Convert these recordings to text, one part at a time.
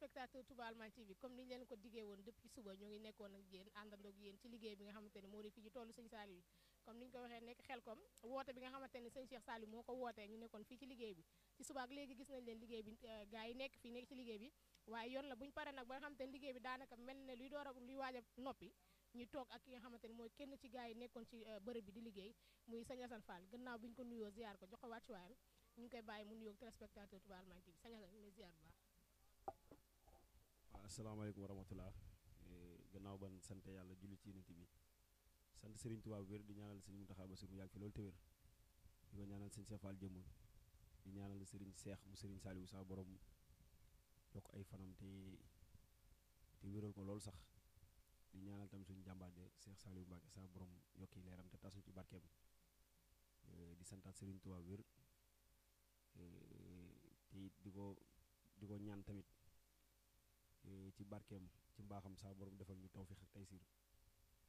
téléspectateur Touba Allemagne TV comme ni ñu leen ko diggee woon depuis suba ñoo ngi nekkoon ak yéen àndandoog yéen ci liggéey bi nga xamante ne moo di fi ci tollu sëñ Saliou comme ni ñu ko waxee nekk xel kom ne sëñ Cheikh Saliou moo euh, a luy waaj a noppi ñu toog ak ki nga mooy kenn ci gars yi nekkoon ci euh, bërëb bi di liggéey muy sëñ Assane Fall gannaaw bi ñu ko nuyoo ziar ko jox ko wàccuwaayam ñu ngi koy bàyyi mu nuyoog téléspectateur Touba Allemagne TV sëñ Assane ñu baax asalaamaaleykum wa rahmatulah eh, gannaaw ba sant yàlla julli ci yonent bi sant Serigne Touba wér di ñaanal Serigne Mountakha Bassirou mu yàgg fi loolu te wér di ko ñaanal Serigne Cheikh Fall di ñaanal Serigne Cheikh mu Serigne Saliou sa borom ay fanam te ko loolu sax di ñaanal tam suñu jàmbaade Cheikh Saliou Mbacke sa borom yokki leeram te tasuñu ci barkeem eh, di santaat Serigne Touba wér eh, te ko di ko ñaan tamit. ci barkeem ci mbaaxam saa borom defal ñu tawfiq ak taysiir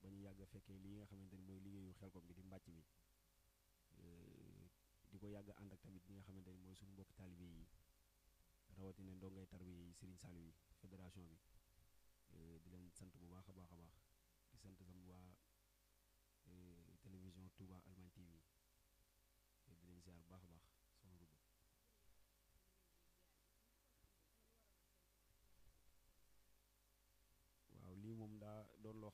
ba ñu yàgg a fekkee lii nga xamante ni mooy liggéeyu xelkom bi di mbàcc mi di ko yàgg ànd ak tamit ñi nga xamante ni mooy suñu mbokki taalibe yi rawatina ndongay tarbiya yi Serigne Saliou yi fédération bi di leen sant bu baax a baax a baax di sant tam waa télévision Touba Allemagne TV di leen ziar bu baax a baax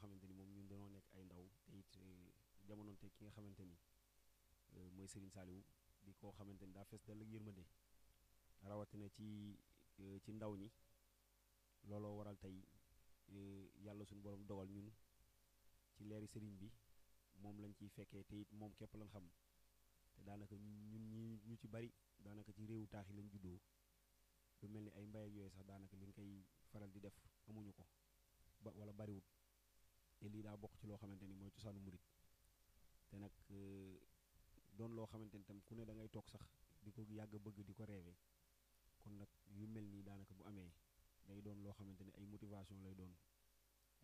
xamante ni moom ñun dañoo nekk ay ndaw te euh, jamono jamonoonte ki nga xamante ni euh, mooy Serigne Saliou di koo xamante ni daa fees dal ak yërmande rawatina ci euh, ci ndaw ñi looloo waral tey yàlla suñu borom dogal ñun ci leeri Serigne bi moom lañ ciy fekkee te it moom képp lañ xam te daanaka ñun ñi ñu ci bari daanaka ci réewu taax yi lañ juddoo lu mel ni ay mbay ak yooyu sax daanaka liñ koy. daa bokk ci loo xamante ni mooy cosaanu murit te nag euh, doon loo xamante ni tam ku ne da ngay toog sax di ko yàgg bëgg di ko reewee kon nag yu mel nii daanaka bu amee day doon loo xamante ni ay motivation lay doon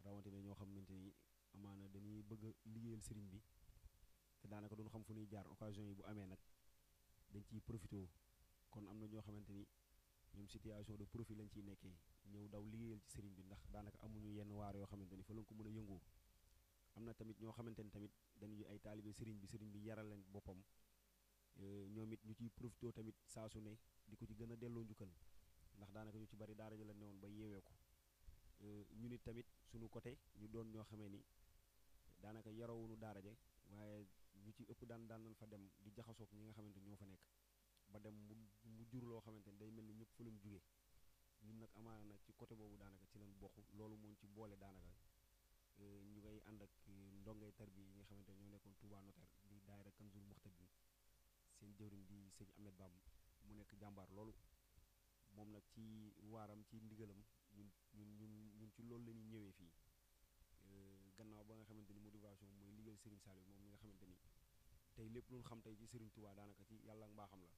rawatina ñoo xamante ni amaana dañuy bëgg a liggéeyal sëriñ bi te daanaka doon xam fu nuy jaar occasion yi bu amee nag dañ ciy profité kon am na ñoo xamante ni ñoom situation de profit lañ ciy nekkee ñëw daw liggéeyal ci sëriñ bi ndax daanaka amuñu yenn waar yoo xamante ni fa lañ ko mën a yëngoo am na tamit ñoo xamante ni tamit dañuy ay taalibe sëriñ bi sëriñ bi yaral leen boppam euh, ñoom it ñu ciy profité tamit saa su ne di ko ci gën a delloo njukkal ndax daanaka ñu ci bari daara ji ne woon ba yeewee ko euh, ñu nit tamit suñu côté ñu doon ñoo xamee ni daanaka yarawunu daara ja waaye ñu ci ëpp daan daan nañ fa dem di jaxasoog ñi nga xamante ñoo fa nekk ba dem mu mu jur loo xamante ni day mel ni ñëpp fa lañ jugee ñun nag amaana nag ci côté boobu daanaka ci lañ bokk loolu mooñ ci boole daanaka Euh, ñu ngay ànd ak euh, ndongay tarbi yi nga xamante ne ñoo nekkoon Touba Notaire di daay daayira Kanzul Muxtadin seen jëwriñ di sëñ Ahmed Bam mu nekk jàmbaar loolu moom nag ci waaram ci ndigalam ñun ñun ñun ñun ci loolu la ñuy ñëwee fii euh, gannaaw ba nga xamante ni motivation mooy liggéeyal Serigne Saliou moom mi nga xamante ni tey lépp lu xam tey ci Serigne Touba daanaka ci yàlla mbaaxam la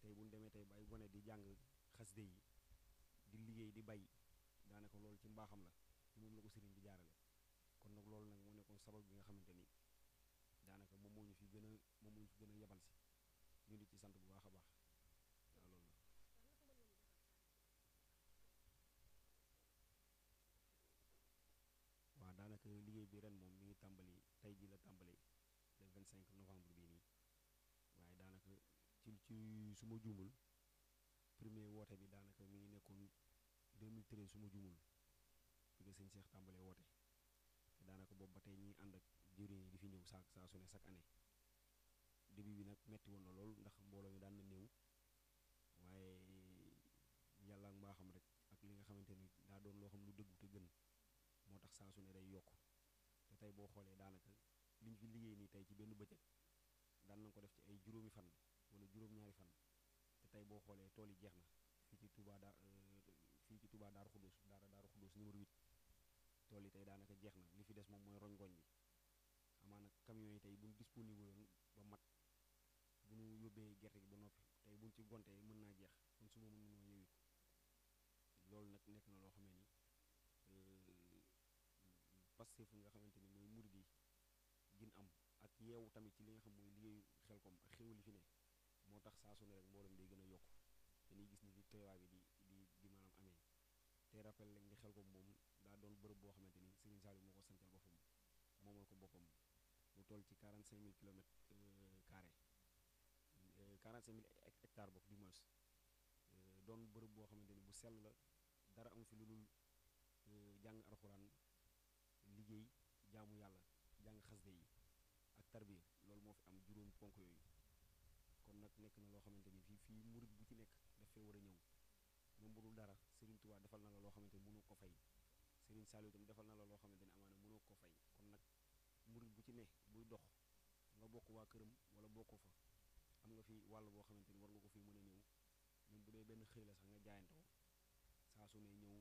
tey bu ñu demee tey ba ay di jàng xasde yi di liggéey di bay daanaka loolu ci mbaaxam la moom la ko Serigne bi jaarale. kon nag loolu nag moo nekkoon sabab bi nga xamante ni daanaka moom moo ñu fi gën a moom moo ñu fi gën a yebal si ñu di ci sant bu baax a baax waaw loolu la. daanaka liggéey bi ren moom mi ngi tàmbali tey ji la tàmbali le cinq novembre bii nii waaye daanaka ci ci su ma juumul premier woote bi daanaka mi ngi nekkoon 2013 su ma juumul bi nga sëñ Cheikh tàmbalee woote. daanaka boobu ba tey ñuy ànd ak jëriñ di fi ñëw saa saa su ne chaque année début bi nag metti woon na loolu ndax mbooloo mi daan na néew waaye yàlla ak mbaaxam rek ak li nga xamante ni daa doon loo xam lu dëggu gën moo tax saa su ne day yokk te tey boo xoolee daanaka li liñ fi liggéey nii tey ci benn bëccëg daan nañ ko def ci ay juróomi fan wala juróom-ñaari fan te tey boo xoolee tool yi jeex na fii ci Touba daa euh, fii ci Touba Daaru Xudus daara Daaru Xudus numéro 8 lool yi tey daanaka jeex na li fi des moom mooy roñgoñ bi amaana camions yi tey buñ disponible yoon ba mat bu mu yóbbee gerte gi ba noppi tey buñ ci gontee mën naa jeex kon suba mën nañoo yeewi ko loolu nag nekk na loo xamee ni euh, Pastef nga xamante ni mooy murid yi gin am ak yeewu tamit ci li nga xam mooy liggéeyu xel kom ak xéwal yi fi ne moo tax saa su ne rek mbooloo mi day gën a yokk dañuy gis ni li teewaay bi di te rappel ni xel ko moom daa doon bërëb boo xamante ni Serigne Saliou moo ko sancal boppam moomal ko boppam mu toll ci cinq 45000 kilomètres euh, carré 45000 euh, hectares bokk du moins euh, doon bërëb boo xamante ni bu sell la dara am fi lu dul jàng arxuraan liggéey jaamu yàlla jàng xasde yi ak tarbiya loolu moo fi am juróom ponk yooyu kon nag nekk na loo xamante ni fii fii murit bu ci nekk daf fee war a ñëw même bu dara Serigne Touba defal na la loo xamante ni mënoo ko fay Serigne Saliou itam defal na la loo xamante ni amaana mënoo ko fay kon nag murid bu ci ne buy dox nga bokk waa këram wala bokkoo fa am nga fi wàll boo xamante ni war nga ko fi mën a ñëw même bu benn xëy la sax nga jaayantoo saa su ne ñëw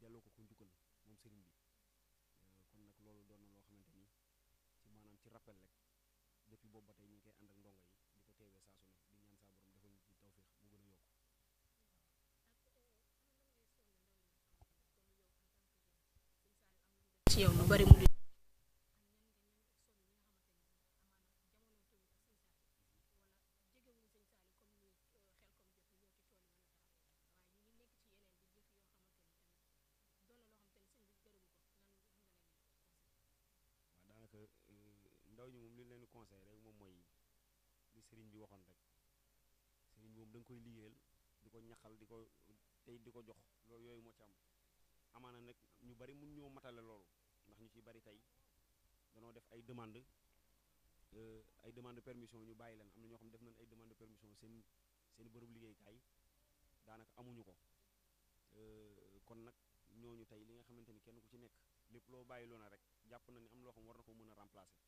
delloo ko ko njukkal moom sëriñ bi euh, kon nag loolu doon na loo xamante ni ci maanaam ci rappel rek depuis boobu tey ñu ngi koy ànd ak ndongo yi di ko teewee saa su ne ci yow lu bari mu di euh, ndaw ñi moom li leen conseil rek moom mooy li sëriñ bi waxoon rek sëriñ bi moom da koy liggéeyal di ko ñaxal di ko tey di ko jox loolu yooyu moo ci am amaana nag ñu bari mun ñoo matale loolu ndax ñu ci bari tey danoo def ay demande euh, ay demande permission ñu bàyyi leen am na ñoo xam ne def nañ ay demande permission seen seen liggéey liggéeykaay daanaka amuñu ko euh, kon nag ñooñu tey li nga xamante ni kenn ku ci nekk lépp loo bàyyi loo na rek jàpp na ni am loo xam war na ko mën a remplacer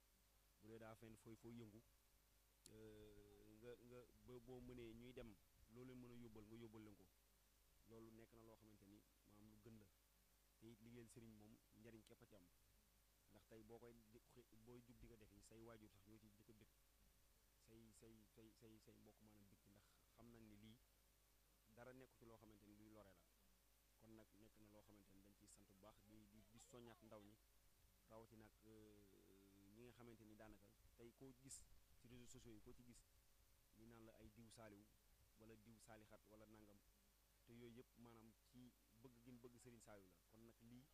bu dee daa fenn fooy fooy yëngu euh, nga nga ba boo mënee ñuy dem loolu leen mën a yóbbal nga yóbbal leen ko loolu nekk na loo xamante ni te it liggéeyal sëriñ moom njariñ kepp a ci am ndax tey boo koy booy jug di ko def yi say waajur sax ñoo ci di ko bëgg say say say say say mbokk maanaam ci ndax xam nañ ni lii dara nekku ci loo xamante ni luy lore la kon nag nekk na loo xamante ni dañ ciy sant bu baax di di di soññaat ndaw ñi rawati nag euh, ñi nga xamante ni daanaka tey ko gis ci réseaux sociaux yi koo ci gis ñu naan la ay diw saaliw walla diw saalixat wala nangam te yooyu yëpp maanaam ci bëgg gin bëgg Serigne Saliou la kon nag lii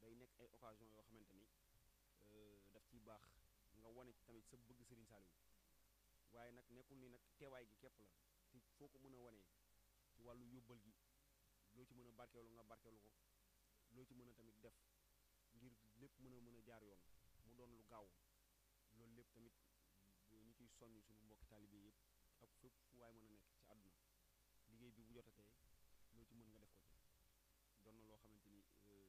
day nekk ay occasion yoo xamante ni euh, daf ciy baax nga wane tamit sa bëgg Serigne Saliou waaye nag nekkul ni nag teewaay gi képp la ci foo ko mën a wane ci wàllu yóbbal gi loo ci mën a barkeelu nga barkeelu ko loo ci mën a tamit def ngir lépp mën a mën a jaar yoon mu doon lu gaaw loolu lépp tamit ñu ciy soññ suñu mbokki taalibe yëpp ak fépp fu waay mën a nekk ci àdduna liggéey bi bu jotatee loo ci mën nga def ko ci doon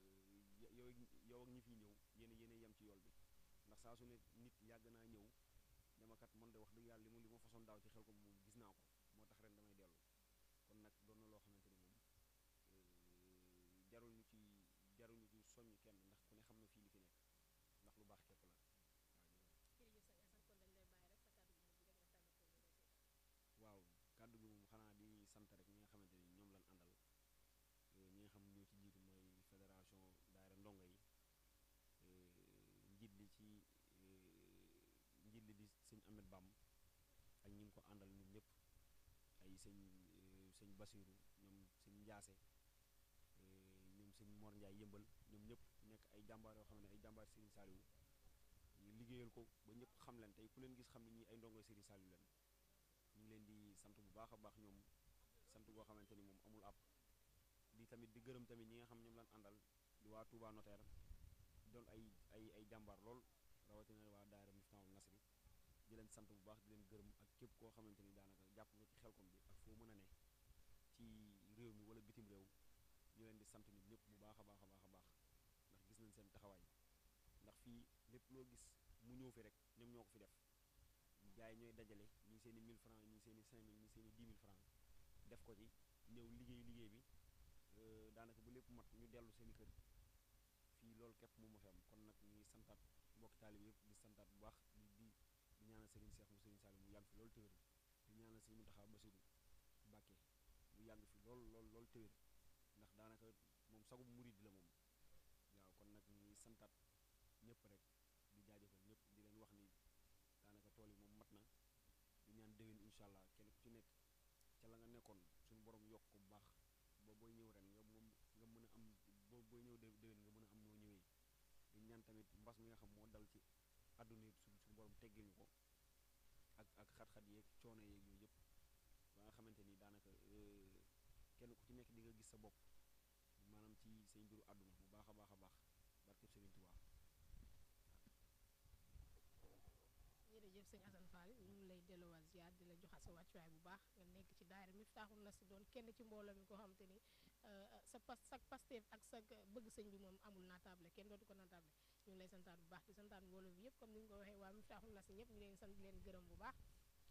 na loo xamante ni euh, yow yow ak ñi fi ñëw yéen yéen yem ci yool bi ndax saa su ne nit yàgg naa ñëw dama kat man de wax dëgg yàlla li mu li ma façon daaw ci xel ko moom gis naa ko moo tax ren damay dellu kon nag doon na loo xamante ni moom euh, jarul ñu ci jarul ñu ci soññ kenn ndax ko àndal ñun ñépp ay sëñ eh, sëñ Basiru ñoom sëñ Njaase eh, ñoom sëñ Mor Njaay yëmbal ñoom ñëpp nekk ay jàmbaar yoo xam ne ay jàmbaar Serigne Saliou liggéeyal ko ba ñëpp xam leen tey ku leen gis xam ne ñi ay ndongo Serigne Saliou leen ñu ngi leen di sant bu baax a baax ñoom sant goo xamante ni moom amul àpp di tamit di gërëm tamit ñi nga xam ñoom lan àndal di waa Touba Notaire doon ay ay ay jàmbaar lool rawatina waa daara Miftahul Nasri di leen sant bu baax di leen gërëm ak képp koo xamante ni daanaka jàpp nga ci xelkom bi ak foo mën a ne ci réew mi wala bitim réew ñu leen di sant nit ñëpp bu baax a baax a baax a baax ndax gis nañ seen taxawaay ndax fii lépp loo gis mu ñëw fi rek ñoom ñoo ko fi def gars yi ñooy dajale ñii seen i 1000 francs ñii seen i 5000 ñii seen i 10 francs def ko ci ñëw liggéey liggéey bi euh, daanaka bu lépp mat ñu dellu seen i kër fii loolu képp mu ma fi kon nag ñuy santaat mbokki taalib yëpp di santaat bu baax ñaanal Serigne Cheikh mu Serigne Saliou mu yàgg fi loolu téwér di ñaanal Serigne Mountakha Bassirou Mbacké mu yàgg fi lool lool loolu téwér ndax daanaka moom sagub murid la moom waaw kon nag ñuy santaat ñëpp rek di jaajëfal ñëpp di leen wax ni daanaka tool yi moom mat na di ñaan déwén incha allah kenn ku ci nekk ca la nga nekkoon suñu borom yokk bu baax boobu booy ñëw ren nga moom nga mun a am ba booy ñëw déwén nga mën a am noo ñëwee di ñaan tamit mbas mi nga xam moo dal ci àdduna yëpp suñu borom teggil ñu ko ak ak xat-xat yeeg coono yeeg yooyu yépp ba nga xamante ni daanaka euh, kenn ku ci nekk di nga gis sa bopp maanaam ci sëñ mbiru àdduna bu baax a baax a baax barke Serigne Touba. jërëjëf sëñ Assane Fall ñu ngi lay delluwaat ziar di la joxaat sa wàccuwaay bu baax nga nekk ci mi daayira na si doon kenn ci mbooloo mi ko xam ni euh, sa pas sa pasteef ak sa bëgg sëñ bi moom amul naataable kenn dootu ko naataable ñu lay santaat bu baax di santaat mboolo bi yëpp comme ni ñu ko waxee waa Miftahul Nas ñëpp ñu leen sant di leen gërëm bu baax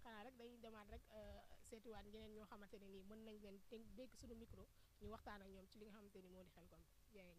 xanaa rek dañuy demaat rek euh, seetiwaat ñeneen ñoo xamante ne mën nañ leen dénk suñu micro ñu waxtaan ak ñoom ci li nga xamante ni moo di xel kon jaa ngeen